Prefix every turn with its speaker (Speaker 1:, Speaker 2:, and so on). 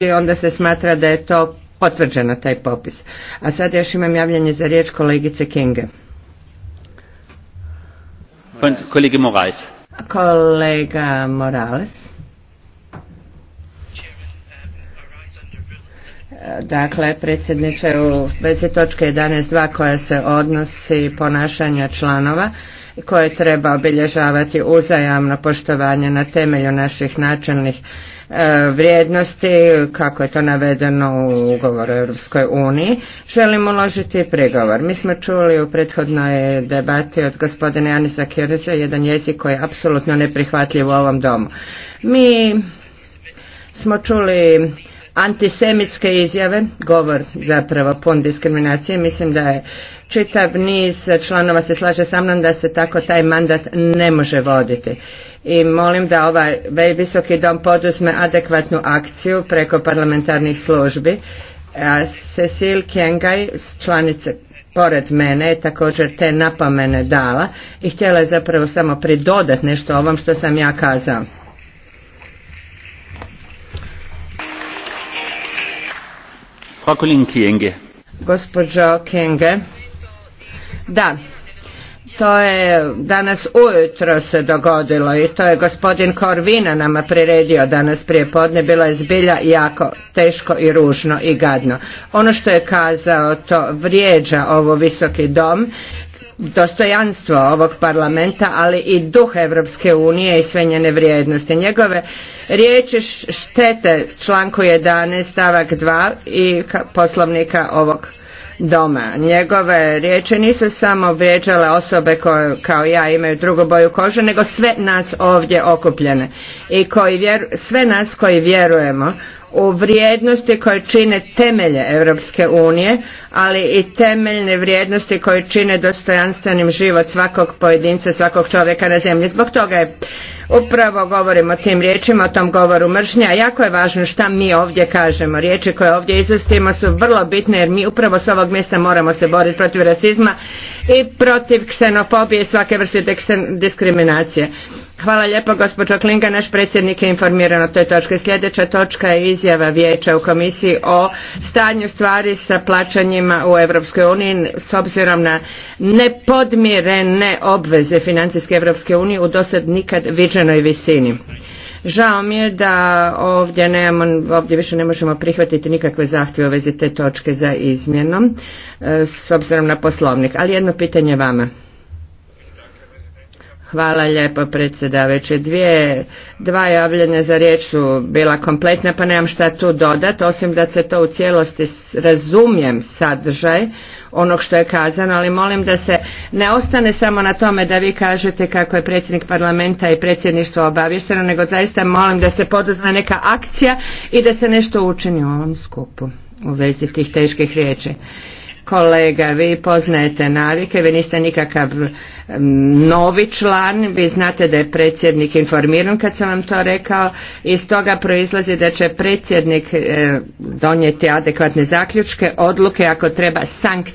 Speaker 1: i onda se smatra da je to potvrđeno taj popis. A sad još imam javljanje za riječ kolegice Kinge. Kolega Morales. Kolega Morales. Dakle, predsjedniče, u vezi točke 11.2 koja se odnosi ponašanja članova, koje treba obilježavati uzajamno poštovanje na temelju naših načelnih e, vrijednosti kako je to navedeno u ugovoru Europskoj uniji želim uložiti pregovor. Mi smo čuli u prethodnoj debati od gospodine Anisa Kirze jedan jezik koji je apsolutno neprihvatljiv u ovom domu. Mi smo čuli antisemitske izjave, govor zapravo pun diskriminacije, mislim da je čitav niz članova se slaže sa mnom da se tako taj mandat ne može voditi. I molim da ovaj visoki dom poduzme adekvatnu akciju preko parlamentarnih službi. A Cecil Kengaj, članice pored mene, je također te napomene dala i htjela je zapravo samo pridodati nešto ovom što sam ja kazao. Gospođo Kenge, da, to je danas ujutro se dogodilo i to je gospodin Korvina nama priredio danas prije podne. Bilo je zbilja jako teško i ružno i gadno. Ono što je kazao to vrijeđa ovo visoki dom dostojanstvo ovog parlamenta, ali i duh Evropske unije i sve njene vrijednosti. Njegove riječi štete članku 11 stavak 2 i poslovnika ovog doma. Njegove riječi nisu samo vrijeđale osobe koje kao ja imaju drugu boju kože, nego sve nas ovdje okupljene i koji sve nas koji vjerujemo u vrijednosti koje čine temelje Europske unije, ali i temeljne vrijednosti koje čine dostojanstvenim život svakog pojedinca, svakog čovjeka na zemlji. Zbog toga je Upravo govorimo o tim riječima, o tom govoru mržnja. Jako je važno šta mi ovdje kažemo. Riječi koje ovdje izvestimo su vrlo bitne jer mi upravo s ovog mjesta moramo se boriti protiv rasizma i protiv ksenofobije i svake vrste diskriminacije. Hvala lijepo gospođo Klinga, naš predsjednik je informiran o toj točke. Sljedeća točka je izjava vijeća u komisiji o stanju stvari sa plaćanjima u Europskoj uniji s obzirom na nepodmirene obveze financijske Europske unije u dosad nikad viđenoj visini. Žao mi je da ovdje, nemamo, ovdje više ne možemo prihvatiti nikakve zahtjeve u vezi te točke za izmjenom e, s obzirom na poslovnik, ali jedno pitanje vama. Hvala lijepo predsjedavajući. Dvije, dva javljene za riječ su bila kompletna pa nemam šta tu dodat osim da se to u cijelosti razumijem sadržaj onog što je kazano, ali molim da se ne ostane samo na tome da vi kažete kako je predsjednik parlamenta i predsjedništvo obavješteno, nego zaista molim da se poduzme neka akcija i da se nešto učini u ovom skupu u vezi tih teških riječi. Kolega, vi poznajete navike, vi niste nikakav novi član, vi znate da je predsjednik informiran kad sam vam to rekao i stoga proizlazi da će predsjednik e, donijeti adekvatne zaključke, odluke ako treba sankcije